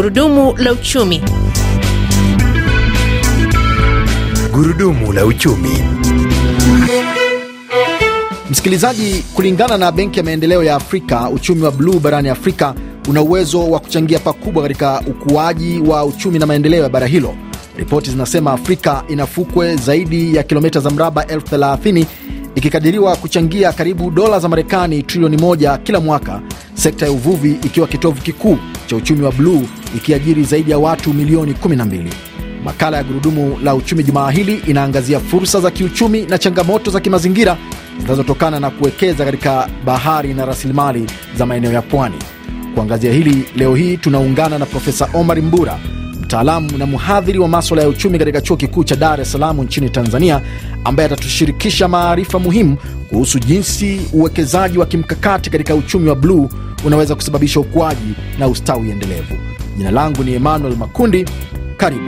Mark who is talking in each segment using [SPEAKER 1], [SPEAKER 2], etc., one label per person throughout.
[SPEAKER 1] Gurudumu la uchumi. Gurudumu la uchumi. Msikilizaji, kulingana na Benki ya Maendeleo ya Afrika, uchumi wa bluu barani Afrika una uwezo wa kuchangia pakubwa katika ukuaji wa uchumi na maendeleo ya bara hilo. Ripoti zinasema Afrika ina fukwe zaidi ya kilomita za mraba 30 ikikadiriwa kuchangia karibu dola za Marekani trilioni moja kila mwaka, sekta ya uvuvi ikiwa kitovu kikuu cha uchumi wa bluu ikiajiri zaidi ya watu milioni 12. Makala ya Gurudumu la Uchumi jumaa hili inaangazia fursa za kiuchumi na changamoto za kimazingira zinazotokana na kuwekeza katika bahari na rasilimali za maeneo ya pwani. Kuangazia hili leo hii tunaungana na Profesa Omar Mbura mtaalamu na mhadhiri wa maswala ya uchumi katika chuo kikuu cha Dar es Salaam nchini Tanzania, ambaye atatushirikisha maarifa muhimu kuhusu jinsi uwekezaji wa kimkakati katika uchumi wa bluu unaweza kusababisha ukuaji na ustawi endelevu. Jina langu ni Emmanuel Makundi. Karibu.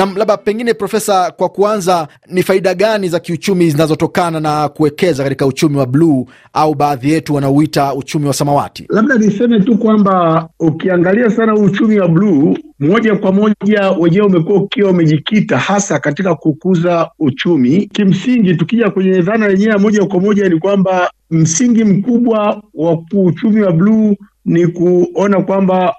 [SPEAKER 1] Na labda pengine, Profesa, kwa kuanza, ni faida gani za kiuchumi zinazotokana na kuwekeza katika uchumi wa bluu au baadhi yetu wanauita uchumi wa samawati?
[SPEAKER 2] Labda niseme tu kwamba ukiangalia sana uchumi wa bluu moja kwa moja wenyewe umekuwa ukiwa umejikita hasa katika kukuza uchumi. Kimsingi, tukija kwenye dhana yenyewe moja kwa moja, ni kwamba msingi mkubwa wa uchumi wa bluu ni kuona kwamba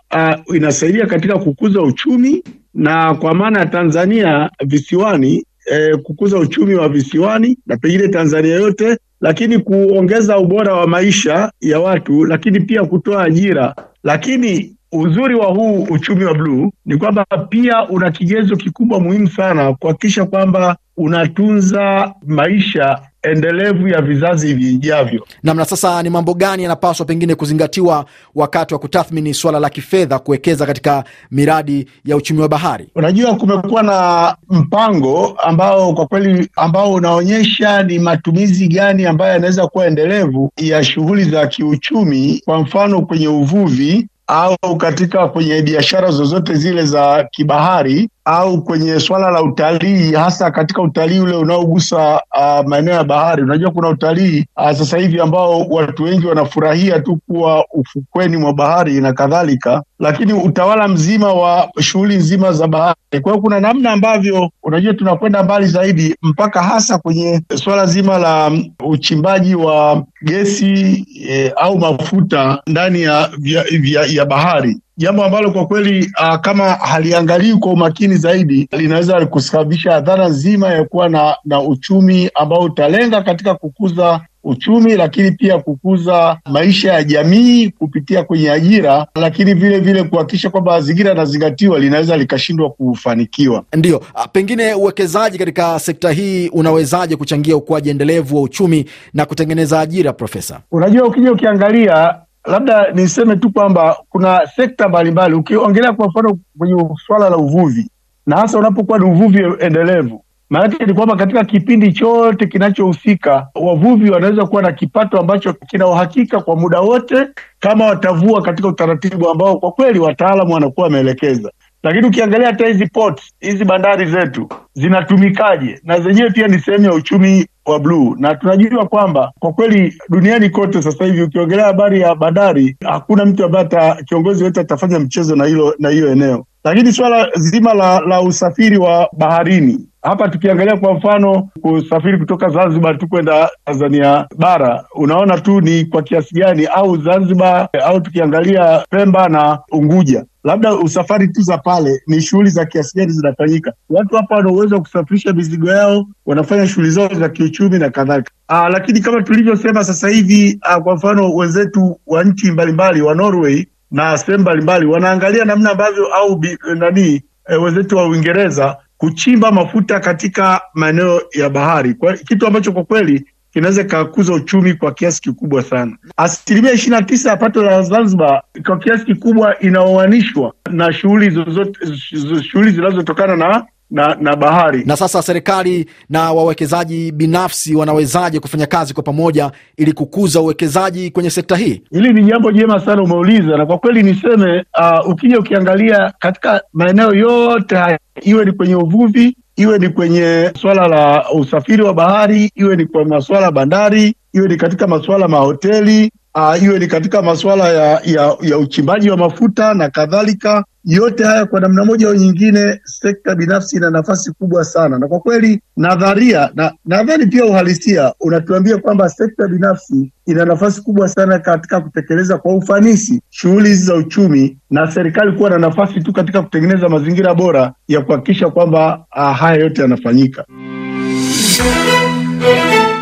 [SPEAKER 2] uh, inasaidia katika kukuza uchumi na kwa maana ya Tanzania visiwani eh, kukuza uchumi wa visiwani na pengine Tanzania yote, lakini kuongeza ubora wa maisha ya watu, lakini pia kutoa ajira. Lakini uzuri wa huu uchumi wa bluu ni kwamba pia una kigezo kikubwa muhimu sana
[SPEAKER 1] kuhakikisha kwamba unatunza maisha endelevu ya vizazi vijavyo. Namna sasa, ni mambo gani yanapaswa pengine kuzingatiwa wakati wa kutathmini suala la kifedha kuwekeza katika miradi ya uchumi wa bahari? Unajua, kumekuwa na
[SPEAKER 2] mpango ambao kwa kweli ambao unaonyesha ni matumizi gani ambayo yanaweza kuwa endelevu ya shughuli za kiuchumi, kwa mfano kwenye uvuvi au katika kwenye biashara zozote zile za kibahari au kwenye swala la utalii, hasa katika utalii ule unaogusa uh, maeneo ya bahari. Unajua kuna utalii uh, sasa hivi ambao watu wengi wanafurahia tu kuwa ufukweni mwa bahari na kadhalika, lakini utawala mzima wa shughuli nzima za bahari. Kwa hiyo kuna namna ambavyo unajua tunakwenda mbali zaidi mpaka hasa kwenye swala zima la mm, uchimbaji wa gesi eh, au mafuta ndani ya, ya, ya, ya bahari jambo ambalo kwa kweli uh, kama haliangaliwi kwa umakini zaidi linaweza kusababisha adhara nzima ya kuwa na, na uchumi ambao utalenga katika kukuza uchumi lakini pia kukuza maisha ya jamii kupitia kwenye ajira, lakini
[SPEAKER 1] vile vile kuhakikisha kwamba mazingira yanazingatiwa, linaweza likashindwa kufanikiwa. ndio ah, pengine uwekezaji katika sekta hii unawezaje kuchangia ukuaji endelevu wa uchumi na kutengeneza ajira, Profesa?
[SPEAKER 2] Unajua, ukija ukiangalia labda niseme tu kwamba kuna sekta mbalimbali. Ukiongelea kwa mfano kwenye swala la uvuvi, na hasa unapokuwa ni uvuvi endelevu, maanake ni kwamba katika kipindi chote kinachohusika, wavuvi wanaweza kuwa na kipato ambacho kina uhakika kwa muda wote, kama watavua katika utaratibu ambao kwa kweli wataalamu wanakuwa wameelekeza lakini ukiangalia hata hizi port hizi bandari zetu zinatumikaje, na zenyewe pia ni sehemu ya uchumi wa bluu, na tunajua kwamba kwa kweli duniani kote sasa hivi ukiongelea habari ya bandari, hakuna mtu ambaye kiongozi wetu atafanya mchezo na hilo na hiyo eneo. Lakini swala zima la, la usafiri wa baharini hapa tukiangalia kwa mfano kusafiri kutoka Zanzibar tu kwenda Tanzania bara, unaona tu ni kwa kiasi gani, au Zanzibar au tukiangalia Pemba na Unguja labda usafari tu za pale ni shughuli za kiasi gani zinafanyika. Watu hapa wana uwezo wa kusafirisha mizigo yao, wanafanya shughuli zao za kiuchumi na kadhalika. Aa, ah, lakini kama tulivyosema sasa hivi ah, kwa mfano wenzetu wa nchi mbalimbali wa Norway na sehemu mbalimbali wanaangalia namna ambavyo au nani e, wenzetu wa Uingereza kuchimba mafuta katika maeneo ya bahari kwa, kitu ambacho kwa kweli kinaweza kikakuza uchumi kwa kiasi kikubwa sana. Asilimia ishirini na tisa ya pato la Zanzibar kwa kiasi kikubwa
[SPEAKER 1] inaoanishwa na shughuli zozote, shughuli zinazotokana na na, na bahari. Na sasa serikali na wawekezaji binafsi wanawezaje kufanya kazi kwa pamoja ili kukuza uwekezaji kwenye sekta hii? Hili ni jambo jema sana umeuliza, na kwa kweli niseme,
[SPEAKER 2] uh, ukija ukiangalia katika maeneo yote haya, iwe ni kwenye uvuvi, iwe ni kwenye swala la usafiri wa bahari, iwe ni kwa masuala ya bandari, iwe ni katika masuala mahoteli, uh, iwe ni katika masuala ya, ya, ya uchimbaji wa mafuta na kadhalika yote haya kwa namna moja au nyingine, sekta binafsi ina nafasi kubwa sana, na kwa kweli nadharia na nadhani pia uhalisia unatuambia kwamba sekta binafsi ina nafasi kubwa sana katika kutekeleza kwa ufanisi shughuli hizi za uchumi, na serikali kuwa na nafasi tu katika kutengeneza mazingira bora ya kuhakikisha kwamba ah, haya
[SPEAKER 1] yote yanafanyika.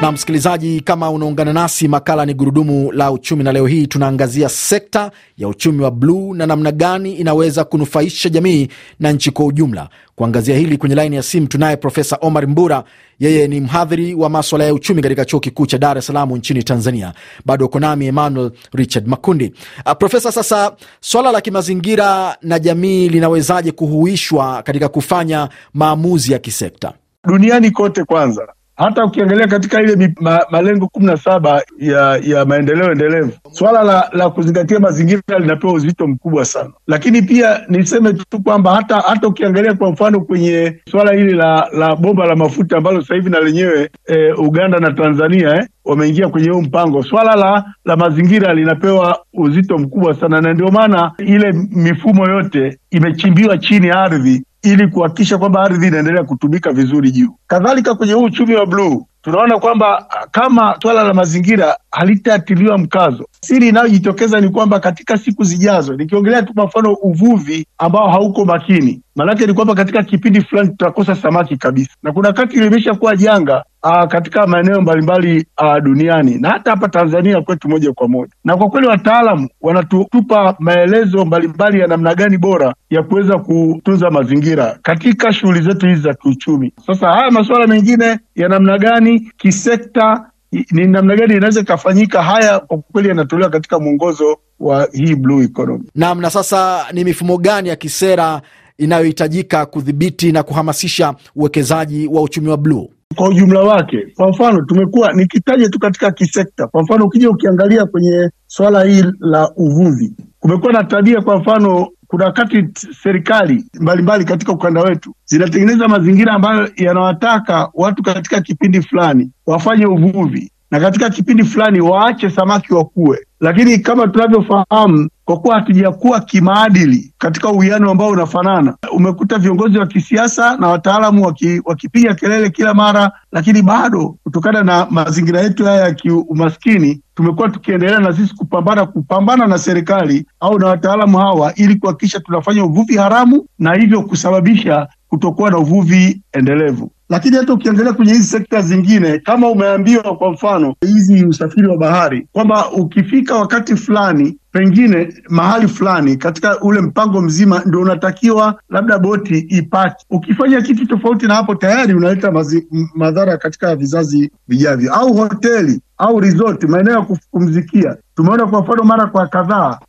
[SPEAKER 1] Na msikilizaji, kama unaungana nasi, makala ni gurudumu la uchumi, na leo hii tunaangazia sekta ya uchumi wa bluu na namna gani inaweza kunufaisha jamii na nchi kwa ujumla. Kuangazia hili kwenye laini ya simu tunaye Profesa Omar Mbura, yeye ni mhadhiri wa maswala ya uchumi katika chuo kikuu cha Dar es Salaam nchini Tanzania. Bado uko nami Emmanuel Richard Makundi. Uh, Profesa, sasa swala la kimazingira na jamii linawezaje kuhuishwa katika kufanya maamuzi ya kisekta
[SPEAKER 2] duniani kote? Kwanza hata ukiangalia katika ile ma, malengo kumi na saba ya ya maendeleo endelevu swala la, la kuzingatia mazingira linapewa uzito mkubwa sana, lakini pia niseme tu kwamba hata hata ukiangalia kwa mfano kwenye swala hili la la bomba la mafuta ambalo sasa hivi na lenyewe e, Uganda na Tanzania eh, wameingia kwenye huu mpango, swala la la mazingira linapewa uzito mkubwa sana, na ndio maana ile mifumo yote imechimbiwa chini ya ardhi ili kuhakikisha kwamba ardhi inaendelea kutumika vizuri juu. Kadhalika kwenye huu uchumi wa bluu tunaona kwamba ah, kama swala la mazingira halitatiliwa mkazo, siri inayojitokeza ni kwamba katika siku zijazo, nikiongelea tu kwa mfano uvuvi ambao hauko makini Maanake ni kwamba katika kipindi fulani tutakosa samaki kabisa, na kuna wakati kuwa janga aa, ah, katika maeneo mbalimbali ah, duniani na hata hapa Tanzania kwetu moja kwa moja. Na kwa kweli wataalamu wanatupa maelezo mbalimbali ya namna gani bora ya kuweza kutunza mazingira katika shughuli zetu hizi za kiuchumi. Sasa haya masuala mengine ya namna gani kisekta ni namna gani inaweza
[SPEAKER 1] ikafanyika, haya kwa kweli yanatolewa katika mwongozo wa hii blue economy. Naam. Na sasa ni mifumo gani ya kisera inayohitajika kudhibiti na kuhamasisha uwekezaji wa uchumi wa bluu
[SPEAKER 2] kwa ujumla wake. Kwa mfano, tumekuwa nikitaja tu katika kisekta, kwa mfano, ukija ukiangalia kwenye swala hili la uvuvi, kumekuwa na tabia, kwa mfano kuna wakati serikali mbalimbali katika ukanda wetu zinatengeneza mazingira ambayo yanawataka watu katika kipindi fulani wafanye uvuvi na katika kipindi fulani waache samaki wakue, lakini kama tunavyofahamu, kwa kuwa hatujakuwa kimaadili katika uwiano ambao unafanana, umekuta viongozi wa kisiasa na wataalamu waki, wakipiga kelele kila mara, lakini bado kutokana na mazingira yetu haya ya kiumaskini tumekuwa tukiendelea na sisi kupambana kupambana na serikali au na wataalamu hawa ili kuhakikisha tunafanya uvuvi haramu na hivyo kusababisha kutokuwa na uvuvi endelevu. Lakini hata ukiangalia kwenye hizi sekta zingine, kama umeambiwa kwa mfano hizi usafiri wa bahari, kwamba ukifika wakati fulani pengine mahali fulani katika ule mpango mzima ndo unatakiwa labda boti ipaki. Ukifanya kitu tofauti na hapo, tayari unaleta mazi, madhara katika vizazi vijavyo, au hoteli au resort, maeneo ya kupumzikia. Tumeona kwa mfano mara kwa kadhaa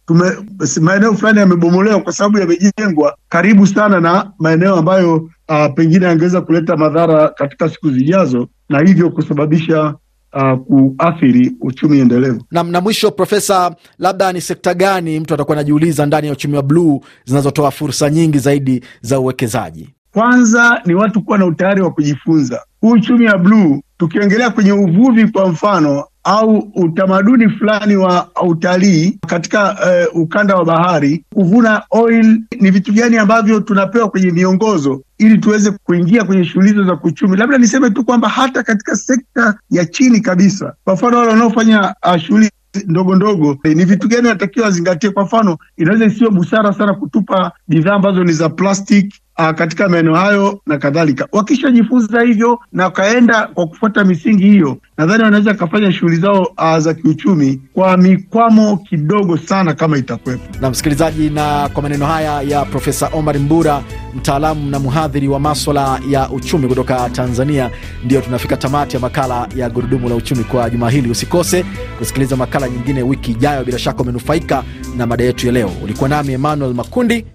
[SPEAKER 2] maeneo fulani yamebomolewa kwa sababu yamejengwa karibu sana na maeneo ambayo uh, pengine angeweza kuleta
[SPEAKER 1] madhara katika siku zijazo na hivyo kusababisha Uh, kuathiri uchumi endelevu. Na, na mwisho Profesa, labda ni sekta gani mtu atakuwa anajiuliza ndani ya uchumi wa bluu zinazotoa fursa nyingi zaidi za uwekezaji?
[SPEAKER 2] Kwanza ni watu kuwa na utayari wa kujifunza. Huu uchumi wa bluu, tukiongelea kwenye uvuvi kwa mfano, au utamaduni fulani wa utalii katika uh, ukanda wa bahari. Kuvuna oil ni vitu gani ambavyo tunapewa kwenye miongozo ili tuweze kuingia kwenye shughuli hizo za kuchumi. Labda niseme tu kwamba hata katika sekta ya chini kabisa, kwa mfano wale wanaofanya uh, shughuli ndogo ndogo e, ni vitu gani wanatakiwa wazingatie? Kwa mfano, inaweza isiyo busara sana kutupa bidhaa ambazo ni za plastic a, ah, katika maeneo hayo na kadhalika. Wakishajifunza hivyo na wakaenda kwa kufuata misingi hiyo, nadhani wanaweza kufanya shughuli zao ah, za kiuchumi kwa mikwamo kidogo sana kama itakuwepo.
[SPEAKER 1] Na msikilizaji, na kwa maneno haya ya Profesa Omar Mbura, mtaalamu na mhadhiri wa maswala ya uchumi kutoka Tanzania, ndiyo tunafika tamati ya makala ya Gurudumu la Uchumi kwa juma hili. Usikose kusikiliza makala nyingine wiki ijayo. Bila shaka umenufaika na mada yetu ya leo. Ulikuwa nami Emmanuel Makundi,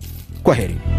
[SPEAKER 1] kwa heri.